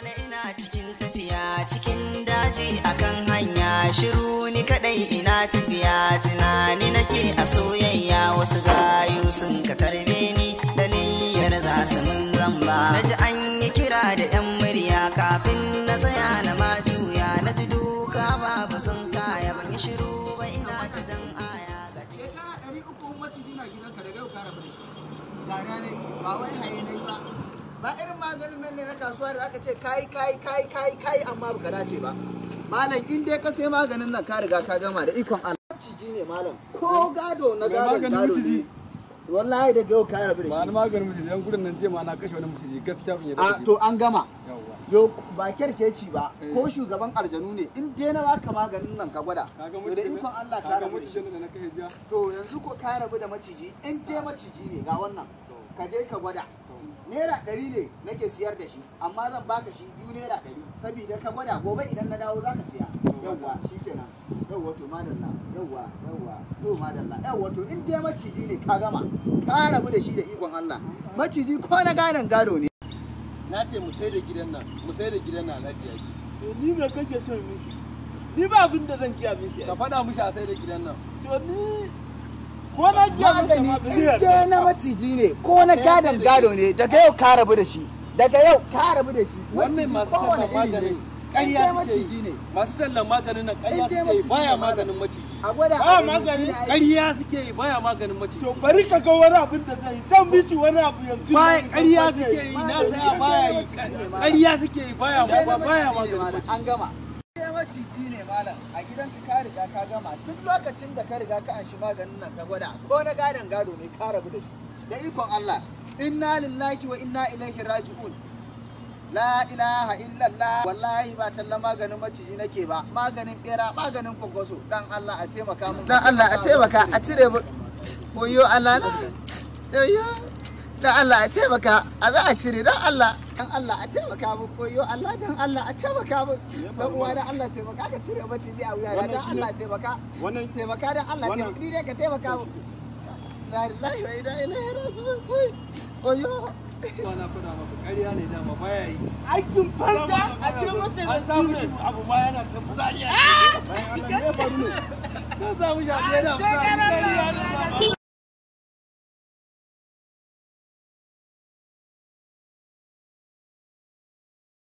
rana ina cikin tafiya cikin daji akan hanya shiru ni kadai ina tafiya tunani nake a soyayya wasu gayu sun ka tarbe ni da niyyar za su mun zamba naji an yi kira da yan murya kafin na tsaya na ma juya naji duka babu sun kaya ban yi shiru ba ina ta jan aya ga shekara 300 maciji na gidanka daga yau da shi ba rana ba wai haye na yi ba ba irin maganin nan ne na kasuwa da aka ce kai kai kai kai kai amma baka dace ba malam in dai ka sai maganin nan ka riga ka gama da ikon Allah ciji ne malam ko gado na gado gado ne wallahi da yau ka rabu da shi ba maganin mutum yan gurin nan ce ma na kashe wani mutum gaskiya ban yarda to an gama yo ba kerkeci ba eh. ko shugaban aljanu ne in dai na baka maganin nan ka gwada to da ikon Allah ka rabu da shi to yanzu ko ka rabu da maciji in dai maciji ne ga wannan ka je ka gwada naira ɗari ne nake siyar da shi amma zan baka shi biyu naira ɗari saboda ka gwada gobe idan na dawo za ka siya yawwa shi kenan yawwa to madalla yawwa yawwa to madalla yawwa to in dai maciji ne ka gama ka rabu da shi da ikon Allah maciji ko na ganin gado ne na ce mu sai da gidan nan mu sai da gidan nan na jiya to ni me kake so miki ni ba abin da zan kiya miki ka faɗa mushi a sai da gidan nan to ni magani in dai na maciji ne ko na gadon gado ne daga yau ka rabu da shi daga yau ka rabu da shi wannan masu tallan maganin ƙarya maciji ne masu tallan maganin nan ƙarya suke yi baya maganin maciji a gwada baya maganin ƙarya suke yi baya maganin maciji to bari ka ga wani abin da zai dan bici wani abu yanzu baya ƙarya suke yi na saya baya yi ƙarya suke yi baya maganin maciji an gama maciji ne malam a gidan ka riga ka gama duk lokacin da ka riga ka shi maganin nan ka gwada ko na gadon gado ne ka rabu da shi da ikon Allah inna lillahi wa inna ilaihi raji'un la ilaha illallah wallahi ba talla maganin maciji nake ba maganin bera maganin kokoso dan Allah a taimaka mun dan Allah a taimaka a cire boyo Allah na dan Allah a taimaka a za a cire dan Allah dan Allah a taimaka mu koyo Allah dan Allah a taimaka mu dan uwa dan Allah taimaka ka cire mace ji a wuya dan Allah taimaka wannan taimaka dan Allah taimaka ni dai ka taimaka mu la ilaha illa illallah rasul koyo na kuna maka kariya ne dama baya yi aikin fanta a cikin wata an samu shi abu ma yana ta fuzari a ah! ne ba ne ta samu shi abu yana fuzari